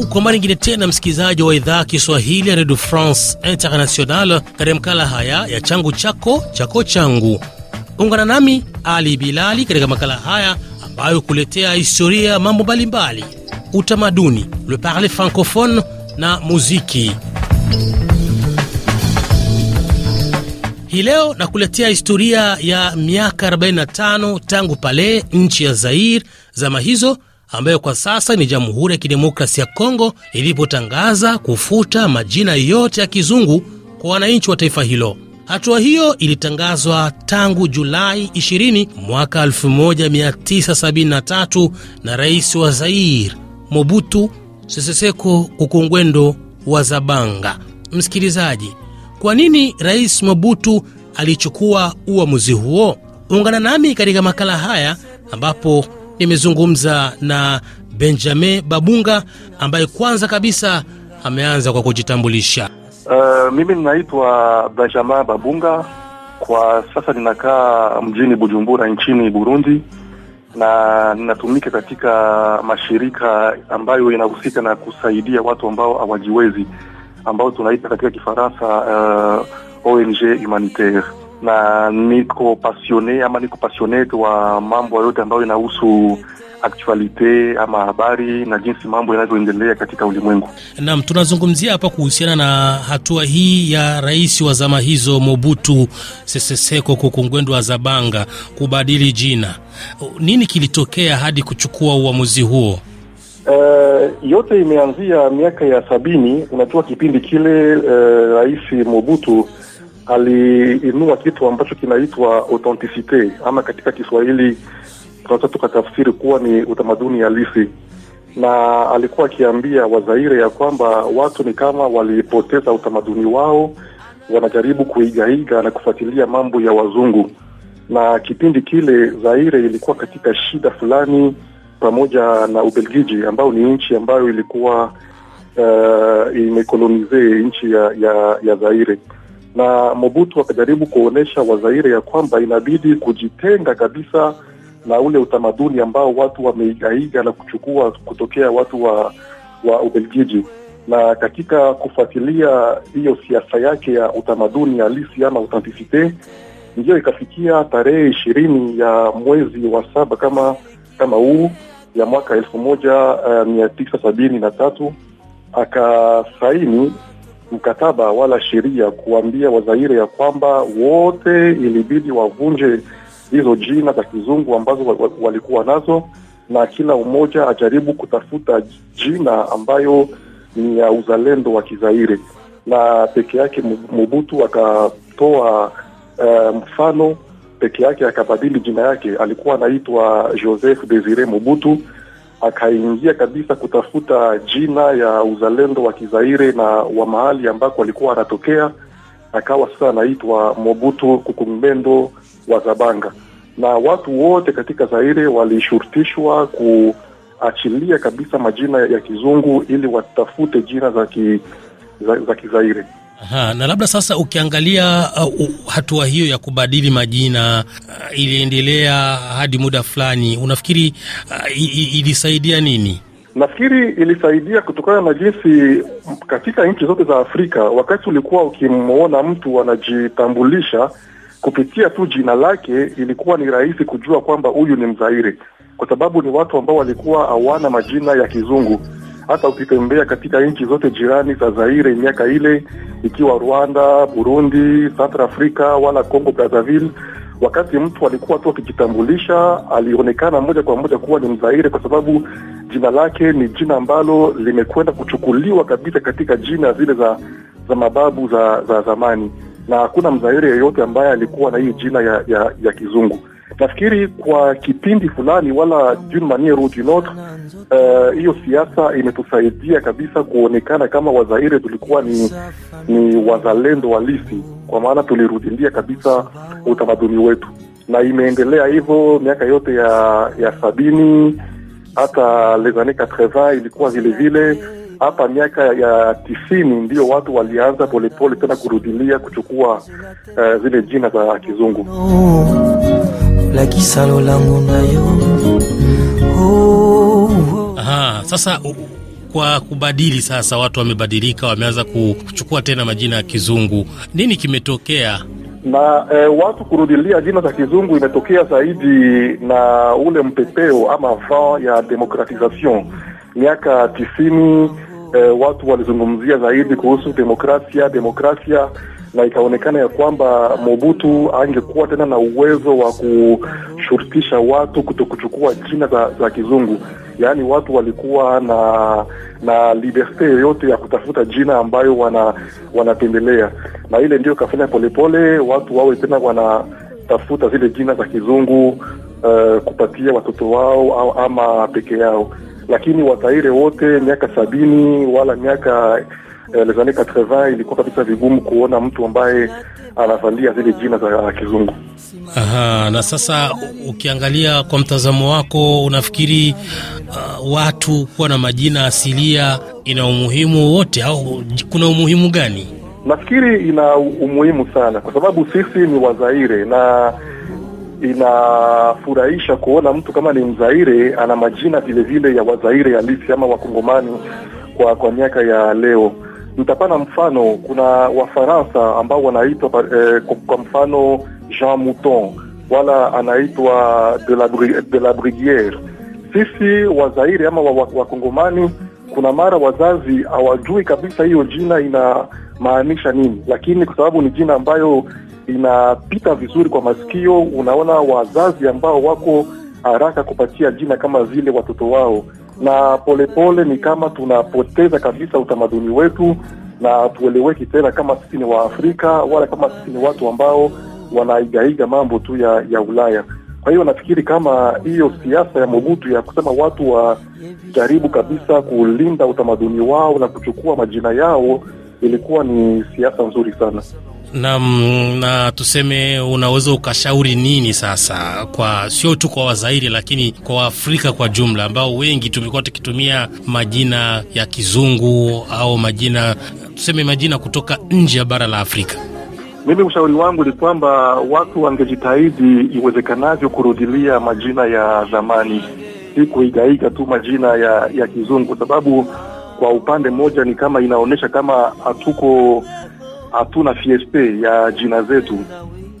Karibu kwa mara nyingine tena, msikilizaji wa idhaa Kiswahili ya redio France International, katika makala haya ya changu chako chako changu. Ungana nami Ali Bilali katika makala haya ambayo kuletea historia ya mambo mbalimbali, utamaduni, le parler francophone na muziki. Hii leo nakuletea historia ya miaka 45 tangu pale nchi ya Zair zama hizo ambayo kwa sasa ni Jamhuri ya kidemokrasi ya Kongo ilipotangaza kufuta majina yote ya kizungu kwa wananchi wa taifa hilo. Hatua hiyo ilitangazwa tangu Julai 20 mwaka 1973 na rais wa Zair Mobutu Seseseko Kukungwendo wa Zabanga. Msikilizaji, kwa nini Rais Mobutu alichukua uamuzi huo? Ungana nami katika makala haya ambapo nimezungumza na Benjamin Babunga ambaye kwanza kabisa ameanza kwa kujitambulisha. Uh, mimi ninaitwa Benjamin Babunga, kwa sasa ninakaa mjini Bujumbura nchini Burundi na ninatumika katika mashirika ambayo inahusika na kusaidia watu ambao hawajiwezi ambao tunaita katika Kifaransa uh, eh, ONG humanitaire na niko passionné ama niko passionné wa mambo yote ambayo inahusu aktualite ama habari na jinsi mambo yanavyoendelea katika ulimwengu. Naam, tunazungumzia hapa kuhusiana na hatua hii ya rais wa zama hizo Mobutu seseseko Seko wa Zabanga kubadili jina. Nini kilitokea hadi kuchukua uamuzi huo? Uh, yote imeanzia miaka ya sabini. unatua kipindi kile uh, rais Mobutu aliinua kitu ambacho kinaitwa authenticite ama katika Kiswahili tunaweza tukatafsiri kuwa ni utamaduni halisi, na alikuwa akiambia Wazaire ya kwamba watu ni kama walipoteza utamaduni wao, wanajaribu kuigaiga na kufuatilia mambo ya wazungu. Na kipindi kile Zaire ilikuwa katika shida fulani pamoja na Ubelgiji ambao ni nchi ambayo ilikuwa uh, imekolonize nchi ya, ya, ya Zaire na Mobutu akajaribu kuonyesha Wazaire ya kwamba inabidi kujitenga kabisa na ule utamaduni ambao watu wameigaiga na kuchukua kutokea watu wa wa Ubelgiji. Na katika kufuatilia hiyo siasa yake ya utamaduni halisi ama authenticite, ndiyo ikafikia tarehe ishirini ya mwezi wa saba kama kama huu ya mwaka elfu moja uh, mia tisa sabini na tatu akasaini mkataba wala sheria kuambia Wazaire ya kwamba wote ilibidi wavunje hizo jina za kizungu ambazo walikuwa nazo, na kila mmoja ajaribu kutafuta jina ambayo ni ya uzalendo wa Kizaire, na peke yake mubutu akatoa uh, mfano peke yake akabadili jina yake, alikuwa anaitwa Joseph Desire mubutu akaingia kabisa kutafuta jina ya uzalendo wa Kizaire na wa mahali ambako alikuwa anatokea, akawa sasa anaitwa Mobutu Kukumbendo wa Zabanga, na watu wote katika Zaire walishurutishwa kuachilia kabisa majina ya kizungu ili watafute jina za ki, za, za Kizaire. Aha, na labda sasa ukiangalia uh, uh, hatua hiyo ya kubadili majina uh, iliendelea hadi muda fulani, unafikiri uh, ilisaidia nini? Nafikiri ilisaidia kutokana na jinsi katika nchi zote za Afrika, wakati ulikuwa ukimwona mtu anajitambulisha kupitia tu jina lake, ilikuwa ni rahisi kujua kwamba huyu ni Mzairi, kwa sababu ni watu ambao walikuwa hawana majina ya kizungu. Hata ukitembea katika nchi zote jirani za Zaire miaka ile, ikiwa Rwanda, Burundi, South Africa wala Congo Brazzaville, wakati mtu alikuwa tu akijitambulisha, alionekana moja kwa moja kuwa ni Mzaire kwa sababu jina lake ni jina ambalo limekwenda kuchukuliwa kabisa katika jina zile za za mababu za za zamani, na hakuna Mzaire yeyote ambaye alikuwa na hii jina ya, ya, ya kizungu. Nafikiri kwa kipindi fulani, wala d'une maniere ou d'une autre, euh, hiyo uh, siasa imetusaidia kabisa kuonekana kama Wazaire tulikuwa ni, ni wazalendo walisi kwa maana tulirudilia kabisa utamaduni wetu, na imeendelea hivyo miaka yote ya ya sabini hata lesane 80 ilikuwa vile vile hapa miaka ya tisini ndio watu walianza polepole tena kurudilia kuchukua uh, zile jina za Kizungu lakisalo langu na yo oh, Aha, sasa kwa kubadili sasa, watu wamebadilika, wameanza kuchukua tena majina ya Kizungu. Nini kimetokea? na e, watu kurudilia jina za Kizungu imetokea zaidi na ule mpepeo ama avant ya demokratisation miaka tisini. e, watu walizungumzia zaidi kuhusu demokrasia demokrasia na ikaonekana ya kwamba Mobutu angekuwa tena na uwezo wa kushurutisha watu kuto kuchukua jina za, za kizungu, yaani watu walikuwa na na liberte yoyote ya kutafuta jina ambayo wana wanapendelea, na ile ndio ikafanya polepole watu wawe tena wanatafuta zile jina za kizungu uh, kupatia watoto wao au ama peke yao, lakini wataire wote miaka sabini wala miaka eh, années 80 ilikuwa kabisa vigumu kuona mtu ambaye anavalia zile jina za kizungu. Aha, na sasa ukiangalia kwa mtazamo wako unafikiri uh, watu kuwa na majina asilia ina umuhimu wote au kuna umuhimu gani? Nafikiri ina umuhimu sana kwa sababu sisi ni Wazaire na inafurahisha kuona mtu kama ni Mzaire ana majina vile vile ya Wazaire halisi ama Wakongomani kwa kwa miaka ya leo nitapana mfano, kuna Wafaransa ambao wanaitwa eh, kwa mfano Jean Mouton wala anaitwa de la, de la Brigiere. Sisi Wazairi ama Wakongomani wa, wa kuna mara wazazi hawajui kabisa hiyo jina inamaanisha nini, lakini kwa sababu ni jina ambayo inapita vizuri kwa masikio, unaona wazazi ambao wako haraka kupatia jina kama vile watoto wao na polepole pole, ni kama tunapoteza kabisa utamaduni wetu na tueleweki tena kama sisi ni Waafrika wala kama sisi ni watu ambao wanaigaiga mambo tu ya, ya Ulaya. Kwa hiyo nafikiri kama hiyo siasa ya mogutu ya kusema watu wajaribu kabisa kulinda utamaduni wao na kuchukua majina yao ilikuwa ni siasa nzuri sana na, na tuseme unaweza ukashauri nini sasa, kwa sio tu kwa Wazairi lakini kwa Waafrika kwa jumla, ambao wengi tumekuwa tukitumia majina ya kizungu au majina tuseme majina kutoka nje ya bara la Afrika? Mimi ushauri wangu ni kwamba watu wangejitahidi iwezekanavyo kurudilia majina ya zamani, si kuigaiga tu majina ya ya kizungu, kwa sababu kwa upande mmoja ni kama inaonyesha kama hatuko hatuna FSP ya jina zetu.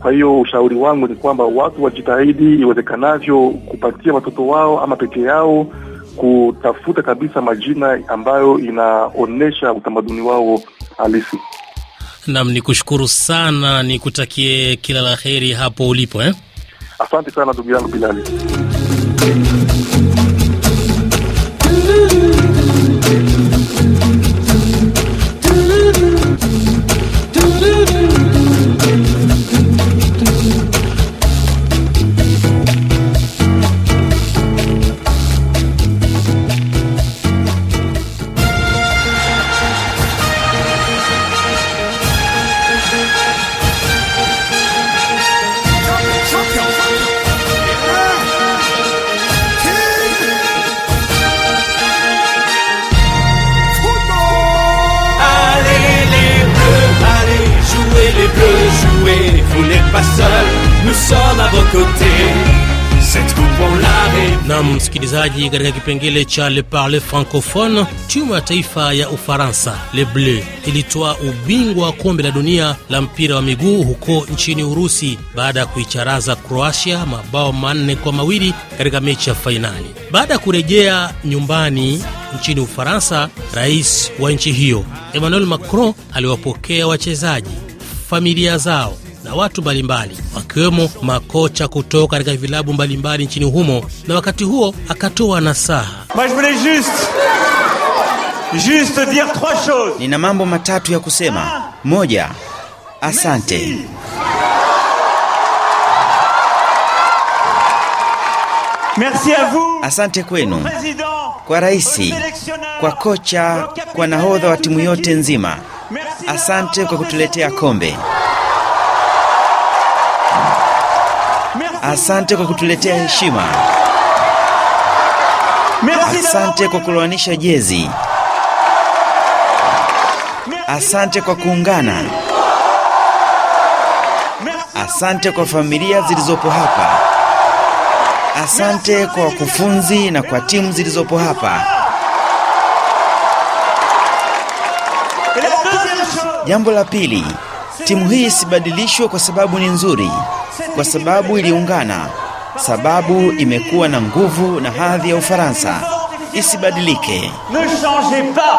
Kwa hiyo ushauri wangu ni kwamba watu wajitahidi iwezekanavyo kupatia watoto wao ama peke yao kutafuta kabisa majina ambayo inaonyesha utamaduni wao halisi. Nam, ni kushukuru sana, nikutakie kila la heri hapo ulipo eh? Asante sana ndugu yangu Bilali. sommes à vos côtés na msikilizaji, katika kipengele cha Le Parle Francophone, timu ya taifa ya Ufaransa Le Bleu ilitoa ubingwa wa kombe la dunia la mpira wa miguu huko nchini Urusi baada ya kuicharaza Kroatia mabao manne kwa mawili katika mechi ya fainali. Baada ya kurejea nyumbani nchini Ufaransa, rais wa nchi hiyo Emmanuel Macron aliwapokea wachezaji, familia zao na watu mbalimbali wakiwemo makocha kutoka katika vilabu mbalimbali nchini humo, na wakati huo akatoa nasaha. Nina mambo matatu ya kusema. Moja, asante. Merci vous. Asante kwenu, kwa raisi, kwa kocha, kwa nahodha wa timu yote nzima. Asante kwa kutuletea kombe. Asante kwa kutuletea heshima. Asante kwa kulowanisha jezi. Asante kwa kuungana. Asante kwa familia zilizopo hapa. Asante kwa wakufunzi na kwa timu zilizopo hapa. Jambo la pili, timu hii isibadilishwe kwa sababu ni nzuri kwa sababu iliungana. Sababu imekuwa na nguvu na hadhi ya Ufaransa, isibadilike. Ne changez pas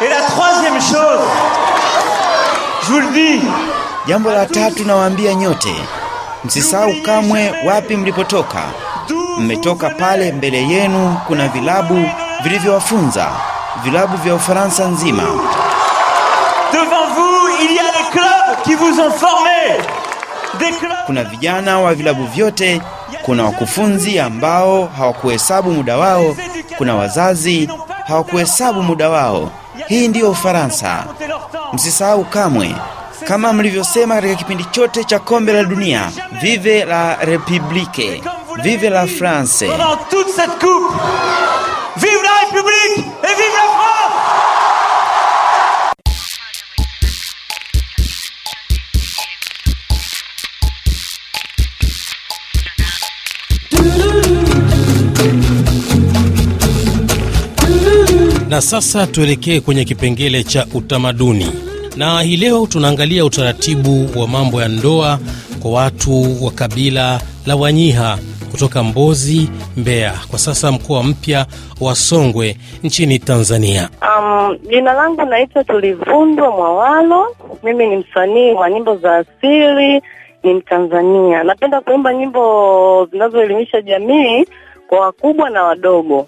et la troisieme chose je vous le dis. Jambo la tatu nawaambia nyote, msisahau kamwe wapi mlipotoka. Mmetoka pale, mbele yenu kuna vilabu vilivyowafunza, vilabu vya Ufaransa nzima. Devant vous il y a les clubs qui vous ont formé kuna vijana wa vilabu vyote, kuna wakufunzi ambao hawakuhesabu muda wao, kuna wazazi hawakuhesabu muda wao. Hii ndiyo Ufaransa. Msisahau kamwe, kama mlivyosema katika kipindi chote cha kombe la dunia, vive la republique, vive la France, vive la republique et vive la Na sasa tuelekee kwenye kipengele cha utamaduni, na hii leo tunaangalia utaratibu wa mambo ya ndoa kwa watu wa kabila la Wanyiha kutoka Mbozi, Mbeya, kwa sasa mkoa mpya wa Songwe nchini Tanzania. Jina langu naitwa Tulivundwa Mwawalo. Mimi ni msanii wa nyimbo za asili, ni Mtanzania. Napenda kuimba nyimbo zinazoelimisha jamii kwa wakubwa na wadogo.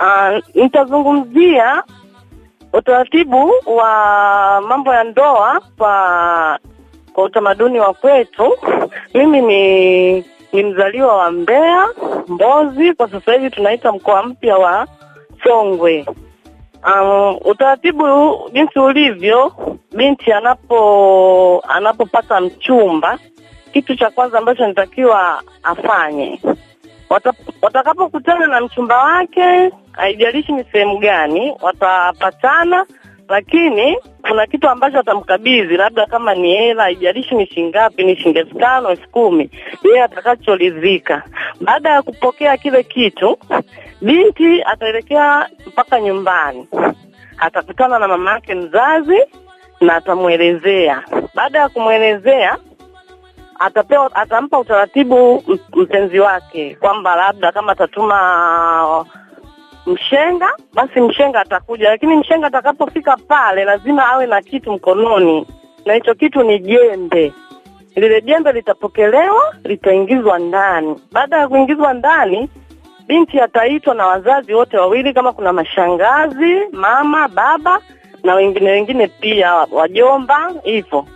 Uh, nitazungumzia utaratibu wa mambo ya ndoa kwa kwa utamaduni wa kwetu. Mimi ni ni mzaliwa wa Mbeya Mbozi, kwa sasa hivi tunaita mkoa mpya wa Songwe. Um, utaratibu jinsi ulivyo, binti anapo anapopata mchumba, kitu cha kwanza ambacho anatakiwa afanye watakapokutana na mchumba wake, haijalishi ni sehemu gani, watapatana lakini kuna kitu ambacho atamkabidhi, labda kama ni hela, haijalishi ni shingapi ni shilingi elfu tano elfu kumi yeye atakachoridhika. Baada ya kupokea kile kitu, binti ataelekea mpaka nyumbani, atakutana na mama yake mzazi na atamwelezea. Baada ya kumwelezea atapewa atampa utaratibu mpenzi wake kwamba labda kama atatuma mshenga basi mshenga atakuja, lakini mshenga atakapofika pale lazima awe na kitu mkononi, na hicho kitu ni jembe. Lile jembe litapokelewa, litaingizwa ndani. Baada ya kuingizwa ndani, binti ataitwa na wazazi wote wawili, kama kuna mashangazi, mama, baba na wengine wengine, pia wajomba, hivyo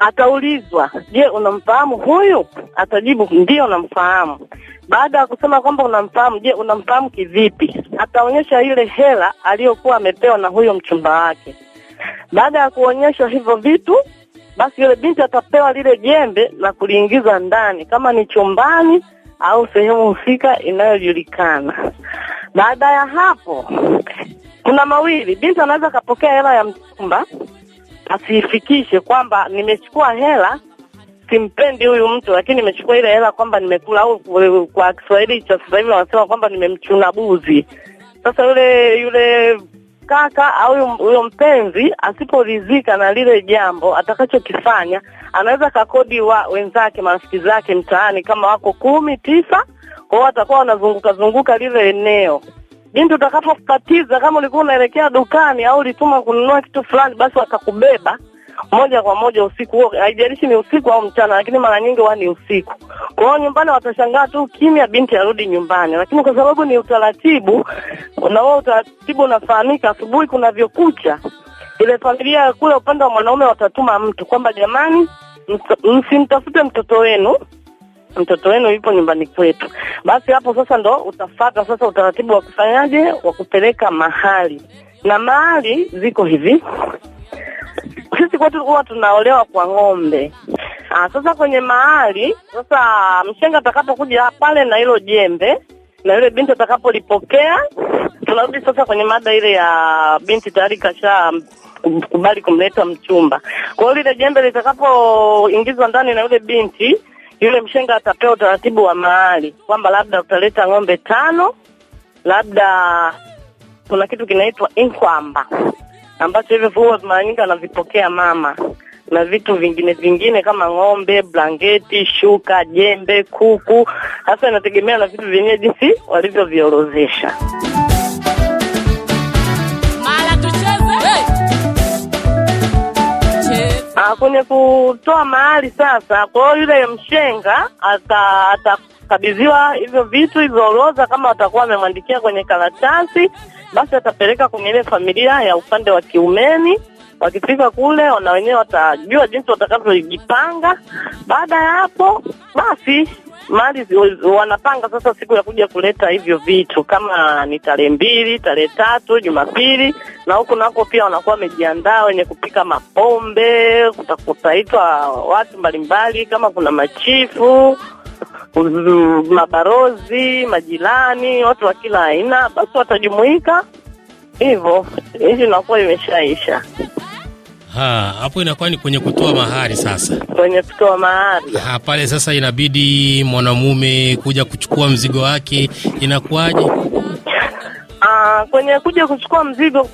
Ataulizwa, je, unamfahamu huyu? Atajibu ndiyo, namfahamu. Baada ya kusema kwamba unamfahamu, je, unamfahamu kivipi? Ataonyesha ile hela aliyokuwa amepewa na huyo mchumba wake. Baada ya kuonyeshwa hivyo vitu, basi yule binti atapewa lile jembe na kuliingiza ndani, kama ni chumbani au sehemu husika inayojulikana. Baada ya hapo, kuna mawili, binti anaweza akapokea hela ya mchumba asiifikishe kwamba nimechukua hela simpendi huyu mtu lakini nimechukua ile hela kwamba nimekula, au kwa Kiswahili cha sasa hivi wanasema kwamba nimemchuna buzi. Sasa yule yule kaka au huyo mpenzi asiporidhika na lile jambo, atakachokifanya anaweza kakodi wa wenzake marafiki zake mtaani, kama wako kumi tisa kwao, watakuwa wanazunguka zunguka lile eneo bintu utakapokatiza kama ulikuwa unaelekea dukani au ulituma kununua kitu fulani, basi watakubeba moja kwa moja usiku huo, haijalishi ni usiku au mchana, lakini mara nyingi huwa ni usiku. Kwa hiyo nyumbani watashangaa tu kimya, binti arudi nyumbani, lakini kwa sababu ni utaratibu na huo utaratibu unafahamika, asubuhi kunavyokucha, ile familia kule upande wa mwanaume watatuma mtu kwamba, jamani, msimtafute mtoto wenu mtoto wenu yupo nyumbani kwetu, basi hapo sasa ndo utafata sasa utaratibu wa kufanyaje, wa kupeleka mahali na mahali ziko hivi. Sisi kwetu huwa tunaolewa kwa ng'ombe. Aa, ah, sasa kwenye mahali sasa, mshenga atakapokuja pale na hilo jembe na yule binti atakapolipokea, tunarudi sasa kwenye mada ile ya binti tayari kasha kubali kumleta mchumba. Kwa hiyo lile jembe litakapoingizwa ndani na yule binti yule mshenga atapewa utaratibu wa mahali kwamba labda utaleta ng'ombe tano, labda kuna kitu kinaitwa inkwamba ambacho hivyo huwa mara nyingi anavipokea mama na vitu vingine vingine kama ng'ombe, blanketi, shuka, jembe, kuku. Hasa inategemea na vitu vyenyewe jinsi walivyoviorozesha. Ah, kwenye kutoa mahali sasa. Kwa hiyo yule mshenga atakabidhiwa hivyo vitu hivyo orodha, kama watakuwa wamemwandikia kwenye karatasi, basi atapeleka kwenye ile familia ya upande wa kiumeni. Wakifika kule, wana wenyewe watajua jinsi watakavyojipanga. Baada ya hapo, basi mali wanapanga sasa siku ya kuja kuleta hivyo vitu, kama ni tarehe mbili, tarehe tatu, Jumapili, na huku nako pia wanakuwa wamejiandaa wenye kupika mapombe, kutaitwa watu mbalimbali, kama kuna machifu mabarozi majirani, watu wa kila aina, basi watajumuika hivyo. Hizi inakuwa imeshaisha hapo inakuwa ni kwenye kutoa mahari sasa, kwenye kutoa mahari ha, pale sasa inabidi mwanamume kuja kuchukua mzigo wake, inakuwaje? Ah, kwenye kuja kuchukua mzigo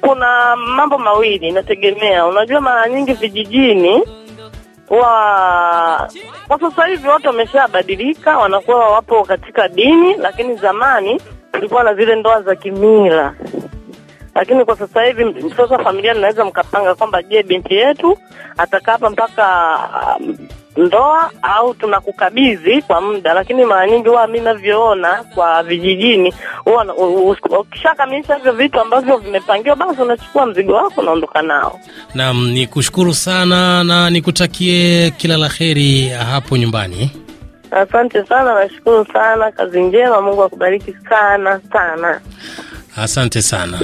kuna mambo mawili, inategemea. Unajua, mara nyingi vijijini wa kwa sasa hivi watu wameshabadilika, wanakuwa wapo katika dini, lakini zamani kulikuwa na zile ndoa za kimila lakini kwa sasa hivi sasa familia naweza mkapanga kwamba je, binti yetu atakaa hapa mpaka um, ndoa au tunakukabidhi kwa muda, lakini mara nyingi huwa mi navyoona kwa vijijini, huwa ukishakamilisha hivyo vitu ambavyo vimepangiwa, basi unachukua mzigo wako unaondoka nao. Naam, ni kushukuru sana na nikutakie kila la heri hapo nyumbani. Asante sana, nashukuru sana, kazi njema, Mungu akubariki sana sana, asante sana.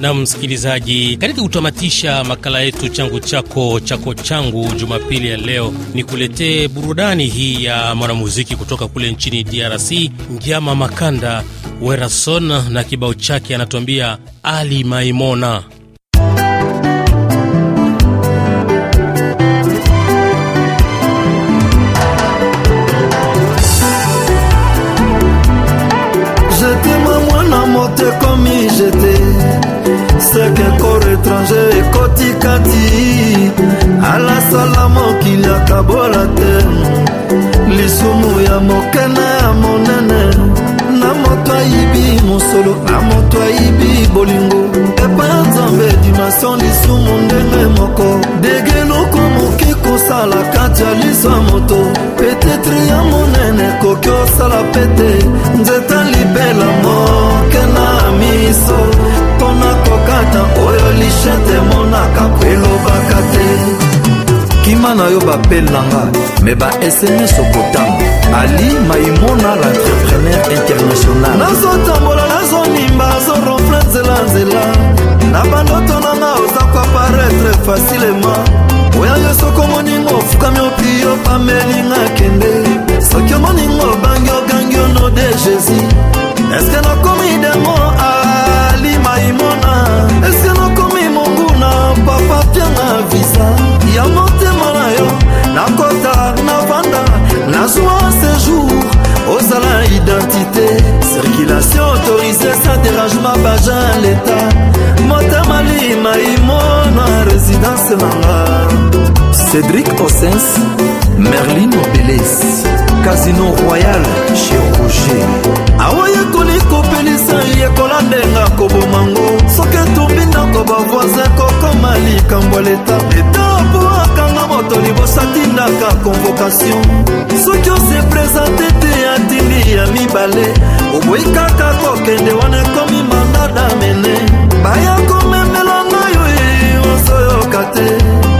na msikilizaji, katika kutamatisha makala yetu changu chako chako changu jumapili ya leo, ni kuletee burudani hii ya mwanamuziki kutoka kule nchini DRC, Ngiama Makanda Werason na kibao chake anatuambia Ali Maimona. seke kor étranger ekotikati alasala mokili akabola te lisumu ya mokene ya monene na moto ayibi mosolo na moto ayibi bolingo epai nzambe dimension lisumu ndenge moko degenuku moki kosala kati ya liso ya moto petetre ya monene ekoki osala pete nzeta libela mokena miso ata oyo lishete emonaka po elobaka te kima na yo bapelanga me ba sms okotanga ali maimona l'entrepreneur international nazotambola nazonimba azorofle nzela nzela na bandoto nanga oza koaparetre facilement prince merlin obeles casino royal che roger aoyekoli kopelisa ye kolandenga kobomango soki etumbi ndako bavoisin kokoma likambo leta etapo akanga moto liboso atindaka convocation soki osepresente te atindi ya mibale oboyi kaka kokende wana ekomi manda damene baya komemela ngai e, ozoyoka te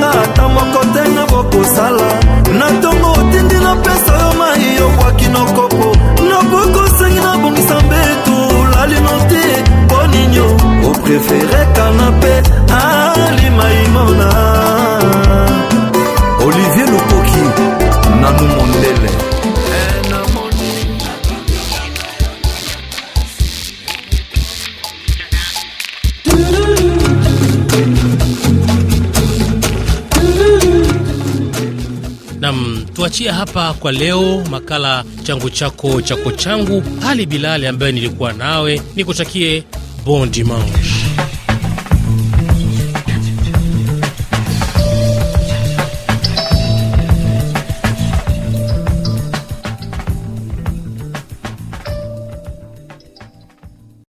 nanga ata moko te nga bokosala na ntongo otindi napesa yo mai yokwaki nokopo nabokosengi nabongisa mbetu lalino te mpo ninyo oprefereka na mpe alimaimona Tunaishia hapa kwa leo makala changu chako chako changu. Ali Bilali ambaye nilikuwa nawe, nikutakie bon dimanche.